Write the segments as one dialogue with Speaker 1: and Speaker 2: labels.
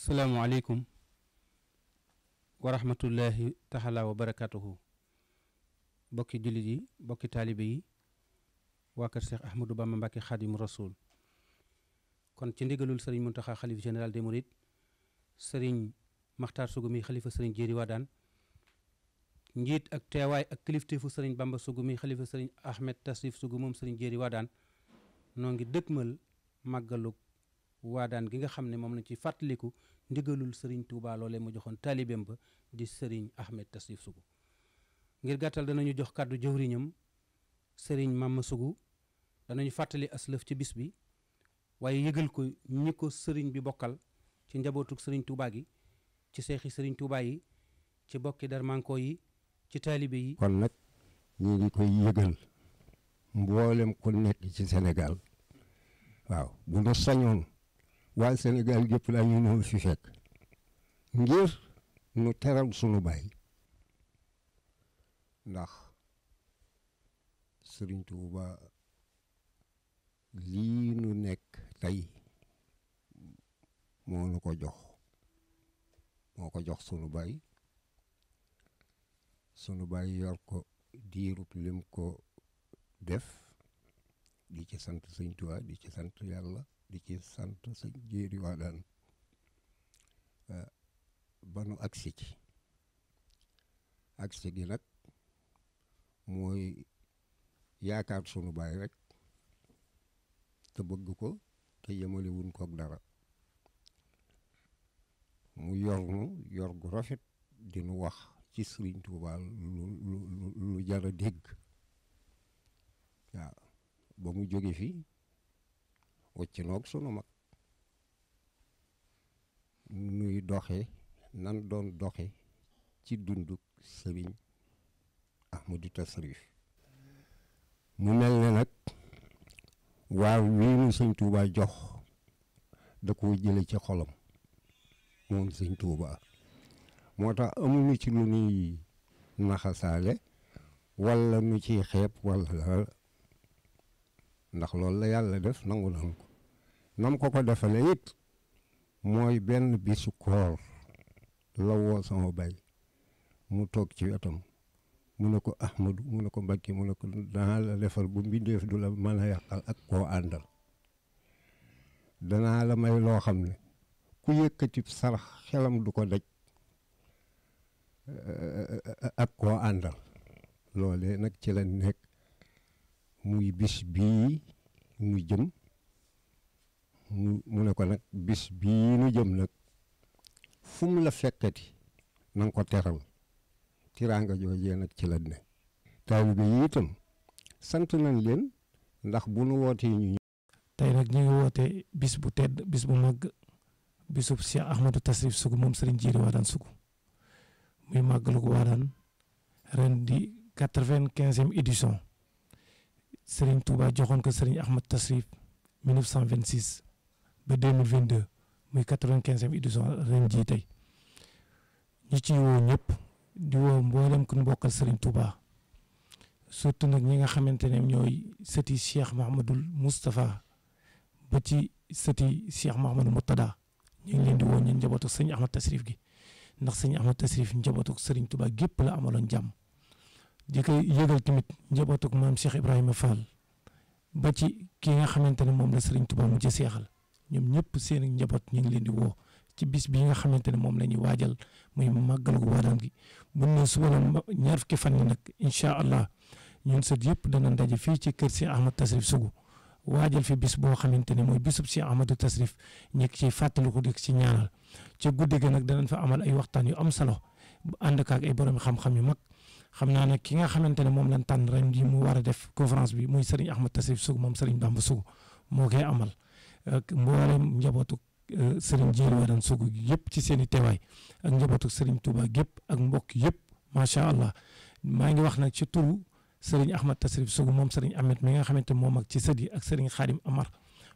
Speaker 1: salaamualeykum wa rahmatullahi taxala wa barakatuhu bokki jullit yi bokki taalibe yi waa kër Cheikh Ahmadou Bamba Mbacké Khadimu Rasoul kon ci ndigalul sëriñ Muntaxa xalif général des mourides sëriñ Maxtaar Sugumi xalifa sëriñ Jéeri Wadaan njiit ak teewaay ak kilifteefu sëriñ Bamba Sugumi xalifa sëriñ Ahmed Tasrif Sugu moom sëriñ Jéeri Wadaan noo ngi dëkkmal màggalug waadaan gi nga xam ne moom lañ ci fàttaliku ndigalul sëriñ Touba loolee mu joxoon taalibeem ba di sëriñ Ahmed Tasif Sougou ngir gàttal danañu jox kàddu jëwriñam sëriñ Mama Sougou danañu fàttali aslëf ci bis bi waaye yëgal ko ñi ko sëriñ bi bokkal ci njabootuk sëriñ tuubaa gi ci seexi sëriñ Touba yi ci bokki darmanko yi ci taalibe yi kon nag ñi ngi koy yëgal mboolem ku nekk ci Sénégal waaw bu nu sañoon waa Sénégal gépp laa ñu ñëw fi fekk ngir nu teral sunu baay ndax Sëriñ ba lii nu nekk tey moo nu ko jox moo ko jox sunu baay sunu baay yor ko diirub lim ko def di ci sant Sëriñ Tuuba di ci sant yàlla di ci sant sëñ jéeri waadaan eh, ba nu agsi ci agsi gi nag mooy yaakaar sunu baay rek te bëgg ko te yemale wuñ koog dara mu yor nu yor gu rafet di nu wax ci sëriñ Tuubaa lu lu lu jara dégg waaw ba mu jóge fi wëccinoog sunu mag nuy doxe nan doon doxe ci dunduk sëriñ Ahmadou Tasrif mu mel ne nag waaw wii mu sëñ Tuubaa jox da koo jële ci xolom moom sëñ Tuubaa moo tax amuñu ci lu nuy naxasaale wala nu ciy xeeb wala ndax loolu la yàlla def nangu nañ ko nam ko ko defale it mooy benn bisu koor la woo bay mu toog ci wetam mu ne ko Ahmadu mu ne ko Mbacke mu ne ko danaa la defal bu mbindeef du la mën a yàqal ak koo àndal danaa la may loo xam ne ku yëkkati sarax xelam du ko daj eh, eh, eh, ak koo àndal loolee nag ci la nekk muy bis bii mu jëm mu ne ko nag bis bii nu jëm nag fu mu la fekkati na ko teral tiraanga joojee nag ci la ne taalibe yi itam sant nañ leen ndax bu nu wootee ñu
Speaker 2: tey nag ñu ngi woote bis bu tedd bis bu mag bisub Cheikh Ahmadou Tasrif Sougou moom sëriñ Jiiri Waadaan Sougou muy màggalu ko Waadaan ren di quatre-vingt-quinzième édition Serigne Touba joxoon ko Serigne Ahmad vingt 1926 ba 2022 muy 95e édition ren jii tey ñu ciy woo ñëpp di woo mboolem ku ñu bokkal Serigne Touba surtout nag ñi nga xamante ne ñooy sëti Cheikh Mahamadul Moustapha ba ci sëti Cheikh Mahamadul Moutada ñu ngi leen di woo ñu njabootu Serigne Ahmad Tasrif gi ndax Serigne Ahmad Tasrif njabootu Serigne Touba gépp la amaloon jàmm. di koy yëgal tamit njabootug maam Cheikh Ibrahima Fall ba ci ki nga xamante ne moom la Serigne Touba mu ci seexal ñoom ñëpp seen njaboot ñu ngi leen di woo ci bis bi nga xamante ne moom lañu ñuy waajal muy màggal gu Waadaan gi bu ne suba la ñaar fukki fan yi nag incha allah ñun sët yëpp dana ndaje fii ci kër si Ahmad Tasrif Sougou waajal fi bis boo xamante ne mooy bisub si Ahmadu Tasrif ñekk ci fàttaliku dik ci ñaanal ci guddi gi nag danañ fa amal am ay borom xam-xam yu mag xam naa ki nga xamantene mom lañ tan rem di mu wara def conférence bi muy Serigne ahmed Tassif Sougou mom Serigne Bamba Sougou mo koy amal ak mboolem njabootu Serigne Djily wadan Sougou yëpp ci seni téway ak njabootu Serigne Touba gep ak mbokk yëpp sha allah ma ngi wax nak ci turu Serigne ahmed Tassif Sougou mom Serigne Ahmed mi nga xamantene mom ak ci sët ak Serigne Khadim Amar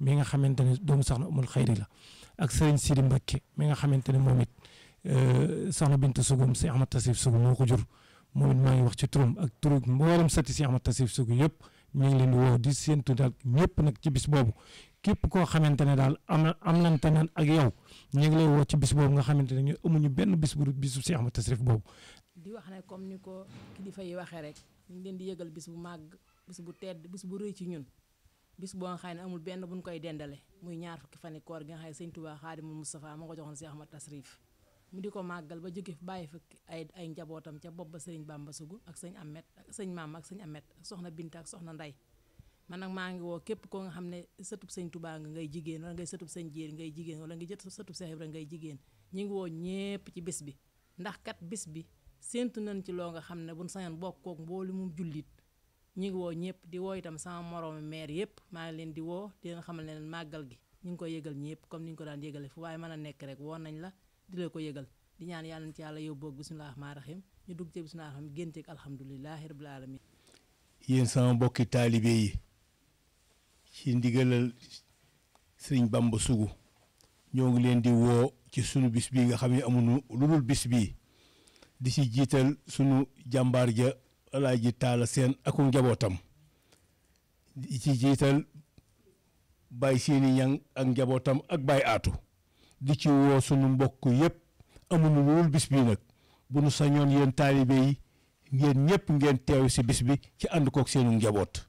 Speaker 2: mi nga xamantene doomu soxna Umul Xayri la ak Serigne Sidi Mbacké mi nga xamantene momit moom it soxna Bintu Sougou si Ahmad Tassif Sougou moko jur. momit ma ngi wax ci turum ak turu mbolam sati si Ahmad Tasif Sougou yëpp ñu ngi leen di woo di séentu daal ñep nak ci bis bobu kep ko xamantene dal am am nañ teneen ak yow ñi ngi lay wo ci bis bobu nga ñu amu ñu benn bis bu bisu si Ahmad tassif bobu
Speaker 3: di wax ne comme ni ko kilifa yi waxe rek ñu ngi leen di yëgal bis bu mag bis bu tedd bis bu reuy ci ñun bis bo nga xane amul benn buñ koy dendalé muy ñaar fukki fani koor gi nga xay seigne touba khadim mustafa Mustafaa ko joxoon si Ahmad Tasrif mu di ko màggal ba jóge bàyyi fa ay ay njabootam ca bopp ba sëriñ Bamba Sugu ak sëñ Amet ak sëñ maam ak sëñ Amet soxna bint ak soxna Nday man nag maa ngi woo képp koo nga xam ne sëtub sëñ Tuubaa ngay jigéen wala ngay sëtub sëñ Jéeri ngay jigéen wala nga jët sëtub Seex Ibra ngay jigéen ñu ngi woo ñépp ci bis bi ndax kat bis bi séentu nañ ci loo nga xam ne buñ sañoon bokk kook mboolu mu jullit ñu ngi woo ñëpp di woo itam sama moroomi maire yëpp maa ngi leen di woo di leen xamal ne leen màggal gi ñu ngi ko yëgal ñëpp comme ni ñu ko daan yëgale fu waaye mën a nekk rek woo nañ la di la ko yëgal di ñaan yàlla na ci yàlla yóbbu ak bisimilah rahmaani rahiim ñu dugg ci bisimilah rahmaani rahiim génteeg alhamdulilahi rabil sama mbokki taalibe yi ci ndigalal sëriñ Bamba Sugu ñoo ngi leen di woo ci sunu bis bii nga xam ne amuñu lu dul bis bii di ci jiital sunu jàmbaar ja Alaaji Taala Seen ak njabootam di ci jiital Baye Seeni Ñang ak njabootam ak Baye Aatu di ci woo sunu mbokk yëpp amuñu loolu bis bii nag bu nu sañoon yéen taalibe yi ngeen ñëpp ngeen teew si bis bi ci ànd kook seenu njaboot.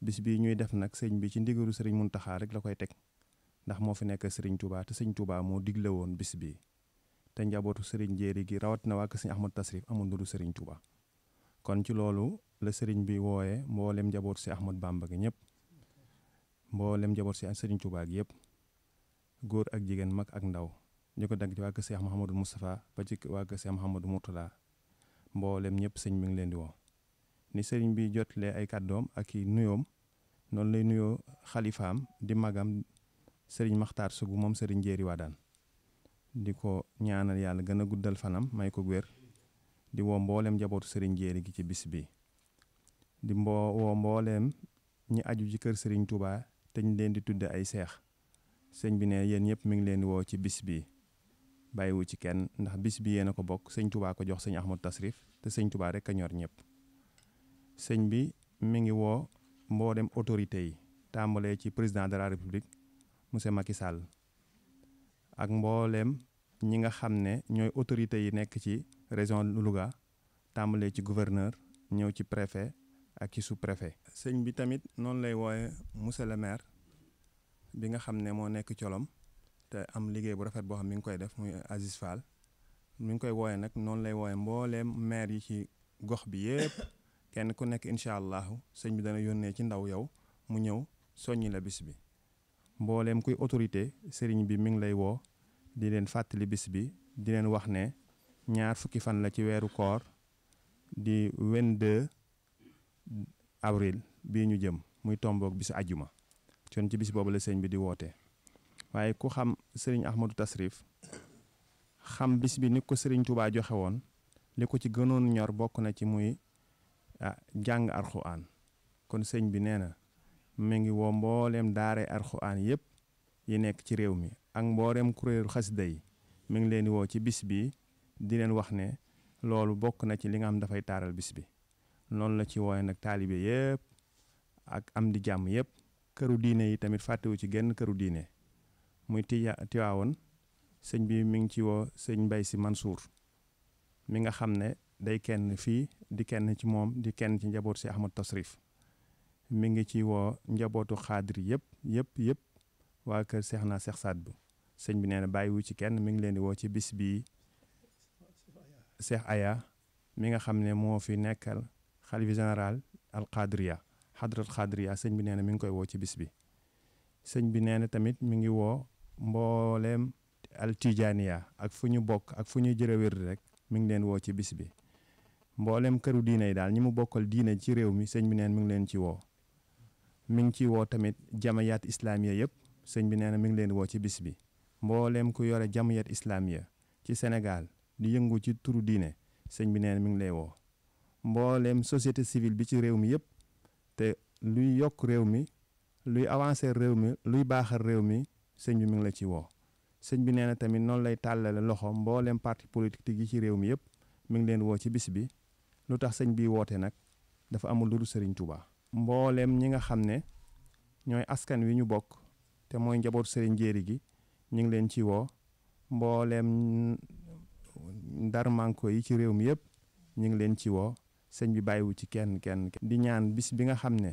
Speaker 3: bis bii ñuy def nag sëñ bi ci ndigalu mun taxaar rek la koy teg ndax moo fi nekk sëriñ Touba te sëñ Touba moo digle woon bis bii te njabootu sëriñ Njéeri gi rawat na waa kër sëñ Ahmad Tasrif amul lu dul sëriñ Touba kon ci loolu la sëriñ bi wooyee mboolem njabootu si Ahmad Bamba gi ñëpp mboolem njabootu si sëriñ Touba yëpp. góor ak jigéen mag ak ndaw ñu ko dagg ci waa Cheikh Mouhamadou Moustapha ba ci waa Cheikh Mouhamadou Mourtala mboolem ñëpp sëñ mi ngi leen di woo ni sëriñ bi jotlee ay kàddoom ak i nuyoom noonu lay nuyoo xalifaam di magam sëriñ Makhtar moom sëriñ di ko ñaanal yàlla gën a guddal fanam may ko wér di woo mbooleem njabootu sëriñ Jéeri gi ci bis bi di mboo woo mbooleem ñi aju ci kër sëriñ Touba te leen di tudde ay Cheikh sëñ bi ne yéen ñëpp mi ngi leen di woo ci bis bi bàyyiwu ci kenn ndax bis bi yéen a ko bokk sëñ tubaa ko jox sëñ Ahmadu Tasrif te sëñ tubaa rek a ñor ñëpp sëñ bi mi ngi woo mboolem autorité yi tàmbalee ci président de la république monsieur Macky Sall ak mbooleem ñi nga xam ne ñooy autorités yi nekk ci région Louga tàmbalee ci gouverneur ñëw ci préfet ak ci sous-préfet sëñ bi tamit noonu lay wooye monsieur le maire bi nga xam ne moo nekk colom te am liggéey bu rafet boo xam mi ngi koy def muy Aziz Fall mi ngi koy wooyee nag noonu lay wooyee mbooleem maire yi ci gox bi yépp kenn ku nekk incha allahu sëñ bi dana yónnee ci ndaw yow mu ñëw soññi la bis bi mbooleem kuy autorité sëriñ bi mi ngi lay woo di leen fàttali bis bi di leen wax ne ñaar fukki fan la ci weeru koor di 22 avril bii ñu jëm muy tomboog bisu ajjuma con ci bis boobu la sëñ bi di woote waaye ku xam sëriñ Ahmadou Tasrif xam bis bi ni ko sëriñ Touba joxe woon li ko ci gënoon ñor bokk na ci muy ah jàng arxuraan kon sëñ bi nee na mu ngi woo mbooleem daaree arxuraan yëpp yi nekk ci réew mi ak mbooleem kuréelu xasida yi mi ngi leen di woo ci bis bi di leen wax ne loolu bokk na ci li nga xam dafay taaral bis bi noonu la ci wooye nag taalibe yëpp ak am di jàmm yëpp. këru diine yi tamit fàttewu ci genn këru diine muy Tiwaawoon sëñ bi mi ngi ci woo sëñ Mbay Si Mansour mi nga xam ne day kenn fii di kenn ci moom di kenn ci njabootu si Ahmad Tasrif mi ngi ci woo njabootu xaadir yëpp yëpp yëpp waa kër seex naa seex saat bi sëñ bi nee na bàyyiwu ci kenn mi ngi leen di woo ci bis bii seex aya mi nga xam ne moo fi nekkal xalifa général al qadriya xadrat xadriya sëñ bi nee na mi ngi koy woo ci bis bi sëñ bi nee na tamit mi ngi woo mbooleem altijaaniya ak fu ñu bokk ak fu ñu jëre wér rek mi ngi leen woo ci bis bi mboolem këru diine yi daal ñi mu bokkal diine ci réew mi sëñ bi neen mi ngi leen ci woo mi ngi ci woo tamit jamayaat islaamiya yëpp sëñ bi nee na mi ngi leen woo ci bis bi mbooleem ku yore jamayaat islaamiya ci Sénégal di yëngu ci turu diine sëñ bi nee na mi ngi lay woo mbooleem société civile bi ci réew mi yëpp te luy yokk réew mi luy avancer réew mi luy baaxal réew mi sëñ bi mi ngi la ci woo sëñ bi nee na tamit noonu lay tàllale loxo mbooleem parti politique yi ci réew mi yëpp mi ngi leen woo ci bis bi lu tax sëñ bi woote nag dafa amul lu dul sëriñ Touba. mbooleem ñi nga xam ne ñooy askan wi ñu bokk te mooy njaboot sëriñ Njéeri gi ñu ngi leen ci woo mbooleem ndarmanko yi ci réew mi yëpp ñu ngi leen ci woo. sëñ bi bayiwu ci kenn kenn di ñaan bis bi nga xam ne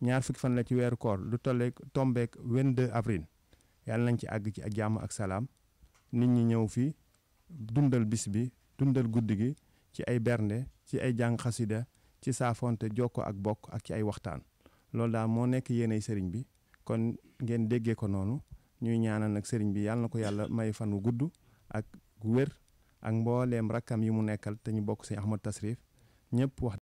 Speaker 3: ñaar fukki fan la ci weeru koor lu tolleeg tombeeg 22 avril yàlla nañ ci àgg ci ak jàmm ak salaam nit ñi ñëw fi dundal bis bi dundal guddi gi ci ay bernde ci ay jàng xasida ci saafonte jokko ak bokk ak ci ay waxtaan loolu daal moo nekk yéene sëriñ bi kon ngeen déggee ko noonu ñuy ñaanal nag sëriñ bi yàlla na ko yàlla may fan wu gudd ak wér ak mbooleem rakkam yi mu nekkal te ñu bokk si Ahmad Tasrif ñëpp wax